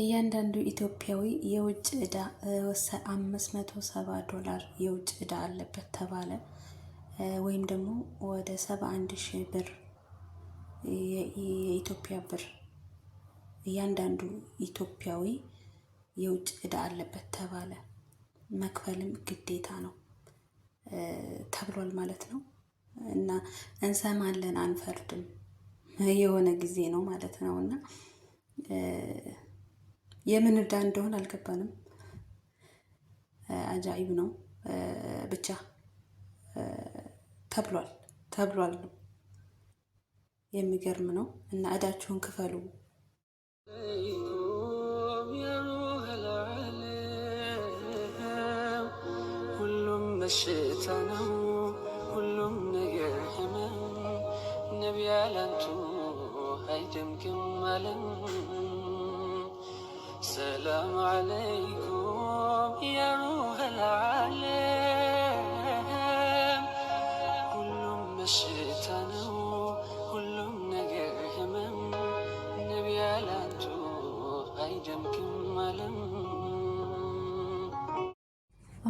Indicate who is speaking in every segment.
Speaker 1: እያንዳንዱ ኢትዮጵያዊ የውጭ ዕዳ አምስት መቶ ሰባ ዶላር የውጭ ዕዳ አለበት ተባለ። ወይም ደግሞ ወደ ሰባ አንድ ሺህ ብር የኢትዮጵያ ብር እያንዳንዱ ኢትዮጵያዊ የውጭ ዕዳ አለበት ተባለ። መክፈልም ግዴታ ነው ተብሏል ማለት ነው። እና እንሰማለን አንፈርድም የሆነ ጊዜ ነው ማለት ነው እና የምን እዳ እንደሆን አልገባንም። አጃኢብ ነው ብቻ ተብሏል ተብሏል ነው የሚገርም ነው። እና እዳችሁን ክፈሉ። ሁሉም በሽታ ነው፣ ሁሉም ነገር ህመም። አይደምግም አለም
Speaker 2: ሰላም አለይኩም የሩህል ዓለም ሁሉም በሽታ ነው፣ ሁሉም ነገር ህመም። ነቢ ያላንቱ አይደምቅም አለም።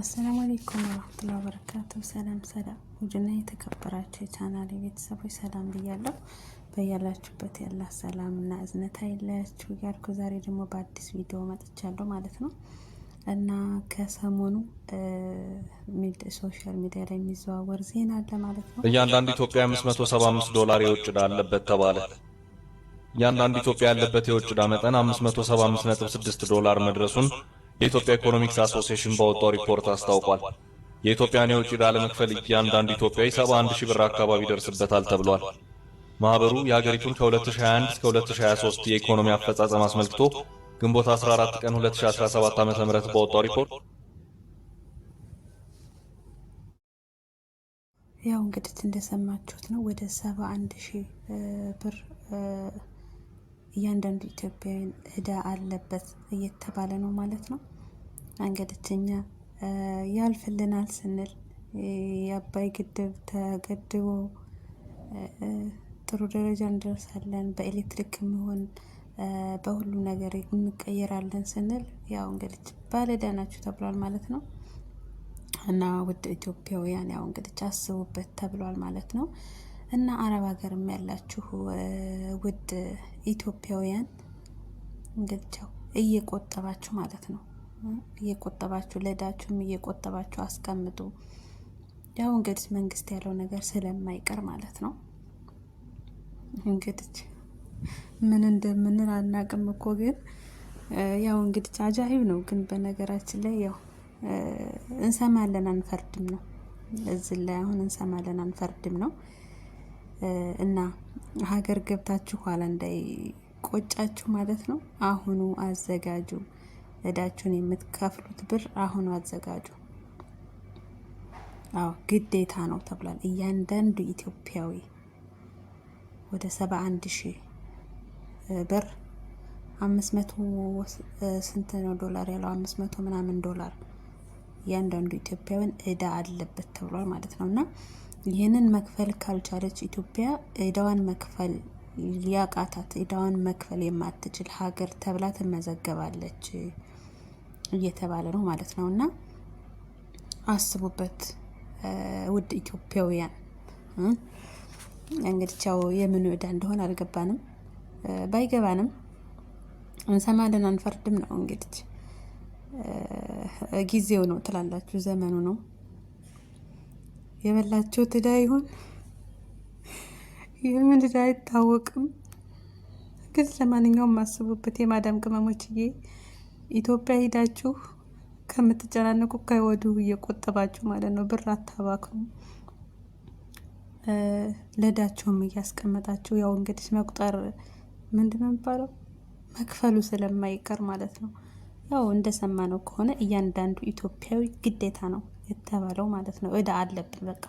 Speaker 2: አሰላሙ አለይኩም ወረሕመቱላሂ ወበረካቱሁ። ሰላም ሰላም። ውድና የተከበራችሁ የቻናል ቤተሰቦች ሰላም ብያለሁ። በያላችሁበት ያላ ሰላም እና እዝነት አይለያችሁ እያልኩ ዛሬ ደግሞ በአዲስ ቪዲዮ መጥቻለሁ ማለት ነው እና ከሰሞኑ ሶሻል ሚዲያ ላይ የሚዘዋወር ዜና
Speaker 3: አለ ማለት ነው። እያንዳንድ ኢትዮጵያ 575 ዶላር የውጭ ዕዳ አለበት ተባለ። እያንዳንድ ኢትዮጵያ ያለበት የውጭ ዕዳ መጠን 575.6 ዶላር መድረሱን የኢትዮጵያ ኢኮኖሚክስ አሶሲሽን በወጣው ሪፖርት አስታውቋል። የኢትዮጵያን የውጭ ዕዳ ለመክፈል እያንዳንድ ኢትዮጵያዊ 71 ሺህ ብር አካባቢ ይደርስበታል ተብሏል። ማህበሩ የአገሪቱን ከ2021 እስከ 2023 የኢኮኖሚ አፈጻጸም አስመልክቶ ግንቦት 14 ቀን 2017 ም በወጣው ሪፖርት
Speaker 1: ያው እንግዲህ እንደሰማችሁት ነው ወደ 71 ሺህ ብር እያንዳንዱ ኢትዮጵያውያን እዳ አለበት እየተባለ ነው ማለት ነው። እንግዲህ እኛ ያልፍልናል ስንል የአባይ ግድብ ተገድቦ ጥሩ ደረጃ እንደርሳለን፣ በኤሌክትሪክ የሚሆን በሁሉም ነገር እንቀየራለን ስንል ያው እንግዲህ ባለዕዳ ናችሁ ተብሏል ማለት ነው። እና ውድ ኢትዮጵያውያን ያው እንግዲህ አስቡበት ተብሏል ማለት ነው። እና አረብ ሀገርም ያላችሁ ውድ ኢትዮጵያውያን እንግዲህ ያው እየቆጠባችሁ ማለት ነው እየቆጠባችሁ ለዳችሁም እየቆጠባችሁ አስቀምጡ። ያው እንግዲህ መንግስት ያለው ነገር ስለማይቀር ማለት ነው። እንግዲህ ምን እንደምንል አናቅም እኮ ግን ያው እንግዲህ አጃሂብ ነው። ግን በነገራችን ላይ ያው እንሰማለን አንፈርድም ነው። እዚህ ላይ አሁን እንሰማለን አንፈርድም ነው እና ሀገር ገብታችሁ ኋላ እንዳይቆጫችሁ ማለት ነው። አሁኑ አዘጋጁ፣ እዳችሁን የምትከፍሉት ብር አሁኑ አዘጋጁ። አዎ ግዴታ ነው ተብሏል። እያንዳንዱ ኢትዮጵያዊ ወደ 71 ሺህ ብር 500 ስንት ነው ዶላር ያለው 500 ምናምን ዶላር እያንዳንዱ ኢትዮጵያውያን እዳ አለበት ተብሏል ማለት ነው። እና ይህንን መክፈል ካልቻለች ኢትዮጵያ እዳዋን መክፈል ሊያቃታት እዳዋን መክፈል የማትችል ሀገር ተብላ ትመዘገባለች እየተባለ ነው ማለት ነው። እና አስቡበት ውድ ኢትዮጵያውያን እንግዲህ ያው የምን ዕዳ እንደሆነ አልገባንም፣ ባይገባንም እንሰማለን፣ አንፈርድም ነው እንግዲህ። ጊዜው ነው ትላላችሁ፣ ዘመኑ ነው። የበላችሁት ትዳ ይሁን የምን ዕዳ አይታወቅም። ግን ለማንኛውም ማስቡበት የማዳም ቅመሞችዬ ኢትዮጵያ ሂዳችሁ ከምትጨናነቁ ከወዱ እየቆጠባችሁ ማለት ነው፣ ብር አታባክኑ። ለዳቸውም እያስቀመጣቸው ያው እንግዲህ መቁጠር ምንድን ነው የሚባለው መክፈሉ ስለማይቀር ማለት ነው። ያው እንደሰማነው ከሆነ እያንዳንዱ ኢትዮጵያዊ ግዴታ ነው የተባለው ማለት ነው። እዳ አለብን በቃ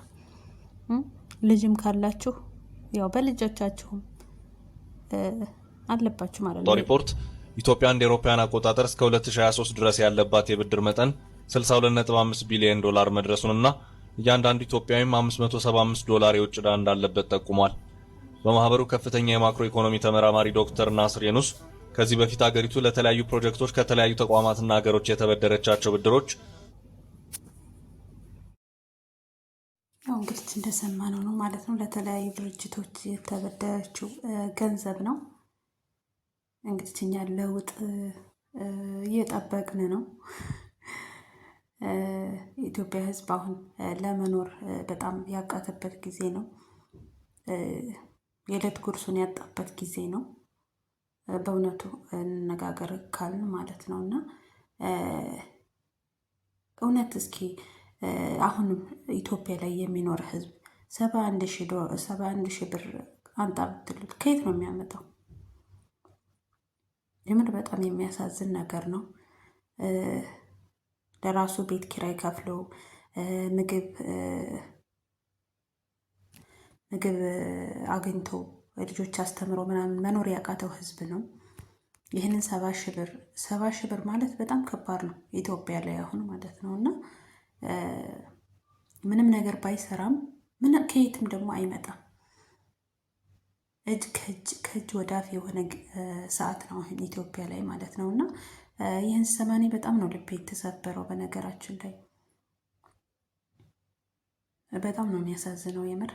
Speaker 1: ልጅም ካላችሁ ያው በልጆቻችሁም አለባችሁ ማለት
Speaker 3: ነው። ሪፖርት ኢትዮጵያ እንደ ኤሮፓያን አቆጣጠር እስከ 2023 ድረስ ያለባት የብድር መጠን 62.5 ቢሊዮን ዶላር መድረሱንና እያንዳንዱ ኢትዮጵያዊም 575 ዶላር የውጭ ዕዳ እንዳለበት ጠቁሟል። በማህበሩ ከፍተኛ የማክሮ ኢኮኖሚ ተመራማሪ ዶክተር ናስር የኑስ ከዚህ በፊት አገሪቱ ለተለያዩ ፕሮጀክቶች ከተለያዩ ተቋማትና ሀገሮች የተበደረቻቸው ብድሮች
Speaker 1: እንግዲህ እንደሰማነው ነው ማለት ነው። ለተለያዩ ድርጅቶች የተበደረችው ገንዘብ ነው። እንግዲህ እኛ ለውጥ እየጠበቅን ነው። የኢትዮጵያ ሕዝብ አሁን ለመኖር በጣም ያቃተበት ጊዜ ነው። የዕለት ጉርሱን ያጣበት ጊዜ ነው። በእውነቱ እንነጋገር ካልን ማለት ነው እና እውነት እስኪ አሁንም ኢትዮጵያ ላይ የሚኖር ሕዝብ ሰባ አንድ ሰባ አንድ ሺህ ብር አንጣ ብትሉት ከየት ነው የሚያመጣው? የምር በጣም የሚያሳዝን ነገር ነው። ለራሱ ቤት ኪራይ ከፍሎ ምግብ ምግብ አግኝቶ ልጆች አስተምሮ ምናምን መኖር ያቃተው ህዝብ ነው። ይህንን ሰባ ሺህ ብር ሰባ ሺህ ብር ማለት በጣም ከባድ ነው ኢትዮጵያ ላይ አሁን ማለት ነው። እና ምንም ነገር ባይሰራም ከየትም ደግሞ አይመጣም። እጅ ከእጅ ከእጅ ወዳፍ የሆነ ሰዓት ነው አሁን ኢትዮጵያ ላይ ማለት ነው እና ይህን ሰማኔ በጣም ነው ልቤ የተሰበረው። በነገራችን ላይ በጣም ነው የሚያሳዝነው የምር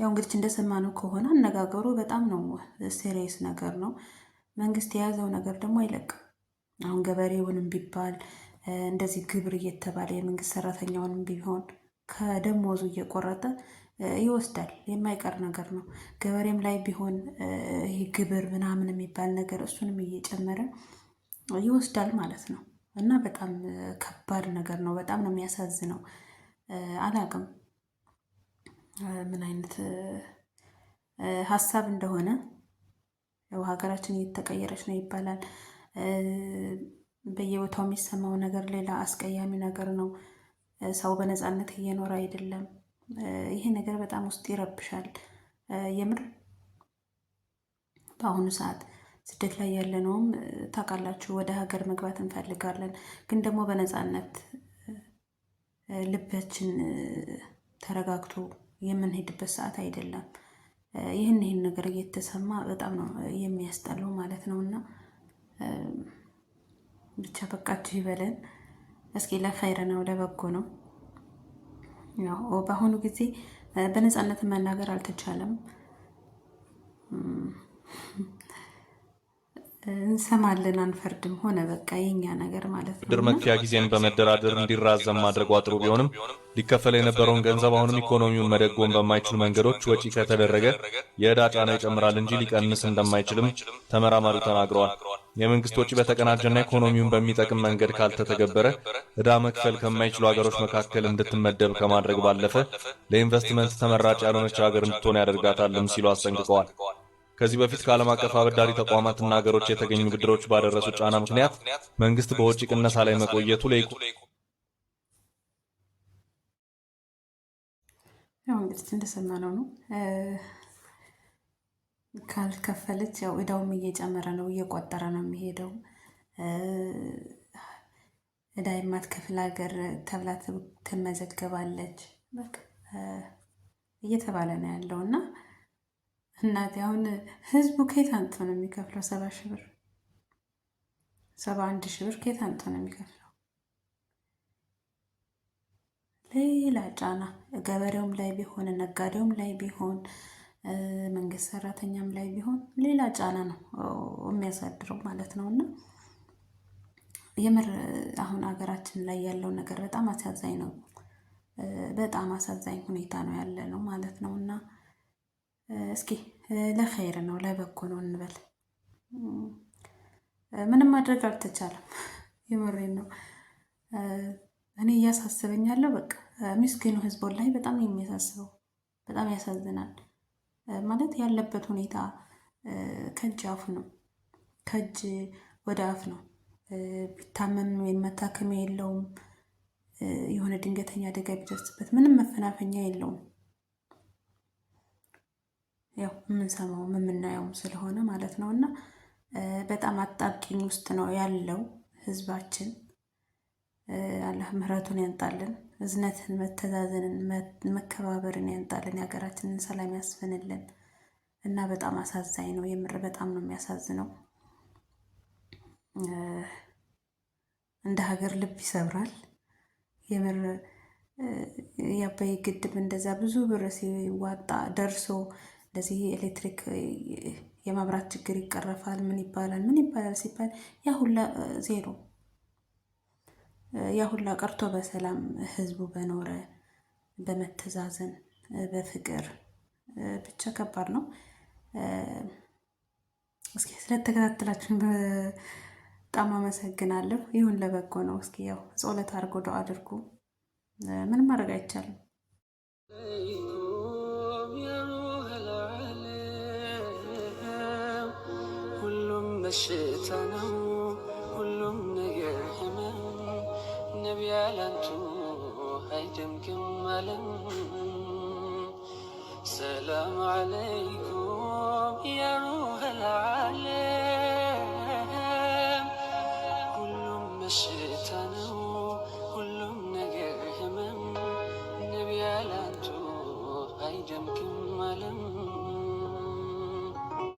Speaker 1: ያው እንግዲህ እንደሰማነው ከሆነ አነጋገሩ በጣም ነው ሴሪየስ ነገር ነው። መንግስት የያዘው ነገር ደግሞ አይለቅም። አሁን ገበሬውንም ቢባል እንደዚህ ግብር እየተባለ የመንግስት ሰራተኛውንም ቢሆን ከደሞዙ እየቆረጠ ይወስዳል። የማይቀር ነገር ነው። ገበሬም ላይ ቢሆን ይህ ግብር ምናምን የሚባል ነገር እሱንም እየጨመረ ይወስዳል ማለት ነው። እና በጣም ከባድ ነገር ነው። በጣም ነው የሚያሳዝነው። አላቅም ምን አይነት ሀሳብ እንደሆነ ያው ሀገራችን እየተቀየረች ነው ይባላል። በየቦታው የሚሰማው ነገር ሌላ አስቀያሚ ነገር ነው። ሰው በነፃነት እየኖረ አይደለም። ይሄ ነገር በጣም ውስጥ ይረብሻል። የምር በአሁኑ ሰዓት ስደት ላይ ያለነውም ታውቃላችሁ፣ ወደ ሀገር መግባት እንፈልጋለን፣ ግን ደግሞ በነፃነት ልባችን ተረጋግቶ የምንሄድበት ሰዓት አይደለም። ይህን ይህን ነገር እየተሰማ በጣም ነው የሚያስጠላው ማለት ነው እና ብቻ በቃችሁ ይበለን። እስኪ ለኸይር ነው ለበጎ ነው። በአሁኑ ጊዜ በነፃነት መናገር አልተቻለም። እንሰማለን አንፈርድም። ሆነ በቃ የኛ
Speaker 3: ነገር ማለት ነው። ድር ጊዜን በመደራደር እንዲራዘም ማድረጉ ጥሩ ቢሆንም ሊከፈል የነበረውን ገንዘብ አሁንም ኢኮኖሚውን መደጎም በማይችሉ መንገዶች ወጪ ከተደረገ የዕዳ ጫና ይጨምራል እንጂ ሊቀንስ እንደማይችልም ተመራማሪው ተናግረዋል። የመንግስት ወጪ በተቀናጀና ኢኮኖሚውን በሚጠቅም መንገድ ካልተተገበረ ዕዳ መክፈል ከማይችሉ ሀገሮች መካከል እንድትመደብ ከማድረግ ባለፈ ለኢንቨስትመንት ተመራጭ ያልሆነች ሀገር እንድትሆን ያደርጋታልም ሲሉ አስጠንቅቀዋል። ከዚህ በፊት ከዓለም አቀፍ አበዳሪ ተቋማትና ሀገሮች የተገኙ ብድሮች ባደረሱ ጫና ምክንያት መንግስት በውጭ ቅነሳ ላይ መቆየቱ ለይቁ
Speaker 1: ያው እንግዲህ እንደሰማነው ነው። ካልከፈለች ያው እዳውም እየጨመረ ነው፣ እየቆጠረ ነው የሚሄደው። እዳ የማትከፍል ሀገር ተብላ ትመዘገባለች እየተባለ ነው ያለው እና እናቴ አሁን ህዝቡ ከየት አንጥቶ ነው የሚከፍለው? ሰባ ሺህ ብር ሰባ አንድ ሺህ ብር ከየት አንጥቶ ነው የሚከፍለው? ሌላ ጫና ገበሬውም ላይ ቢሆን ነጋዴውም ላይ ቢሆን መንግስት ሰራተኛም ላይ ቢሆን ሌላ ጫና ነው የሚያሳድረው ማለት ነው። እና የምር አሁን ሀገራችን ላይ ያለው ነገር በጣም አሳዛኝ ነው። በጣም አሳዛኝ ሁኔታ ነው ያለ ነው ማለት ነው እና እስኪ ለኸይር ነው ለበጎ ነው እንበል። ምንም ማድረግ አልተቻለም። የምሬ ነው። እኔ ያለው በቃ ሚስኪኑ ህዝቦን ላይ በጣም የሚያሳስበው በጣም ያሳዝናል። ማለት ያለበት ሁኔታ ከእጅ አፍ ነው፣ ከእጅ ወደ አፍ ነው። ቢታመም ወይም መታከሚያ የለውም። የሆነ ድንገተኛ አደጋ ቢደርስበት ምንም መፈናፈኛ የለውም። ያው የምንሰማውም የምናየውም ስለሆነ ማለት ነው እና በጣም አጣብቂኝ ውስጥ ነው ያለው ህዝባችን። አላህ ምህረቱን ያንጣልን፣ እዝነትን፣ መተዛዘንን፣ መከባበርን ያንጣልን፣ የሀገራችንን ሰላም ያስፍንልን እና በጣም አሳዛኝ ነው። የምር በጣም ነው የሚያሳዝነው። እንደ ሀገር ልብ ይሰብራል። የምር የአባይ ግድብ እንደዛ ብዙ ብር ሲዋጣ ደርሶ እንደዚህ ኤሌክትሪክ የመብራት ችግር ይቀረፋል፣ ምን ይባላል ምን ይባላል ሲባል ያ ሁላ ዜሮ፣ ያ ሁላ ቀርቶ በሰላም ህዝቡ በኖረ በመተዛዘን በፍቅር ብቻ ከባድ ነው። እስኪ ስለተከታተላችሁን በጣም አመሰግናለሁ። ይሁን ለበጎ ነው። እስኪ ያው ጸሎት አድርጎ ዶ አድርጉ ምንም ማድረግ አይቻልም። በሽታ ነው ሁሉም ነገር ህመም ነቢ ያላንቱ አይደምግም አለም ሰላም አለይኩም ያሩ